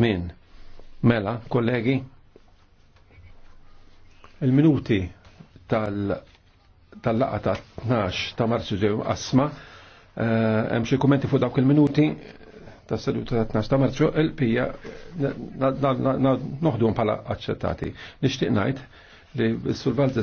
żmien. Mela, kollegi, il-minuti tal-laqa ta' 12 ta' marzu ġew asma, eh, hemm xi kummenti fuq dawk il-minuti ta' seduta ta' 12 ta' marzu, il-pija noħdu bħala aċċettati. Nixtieq ngħid li sul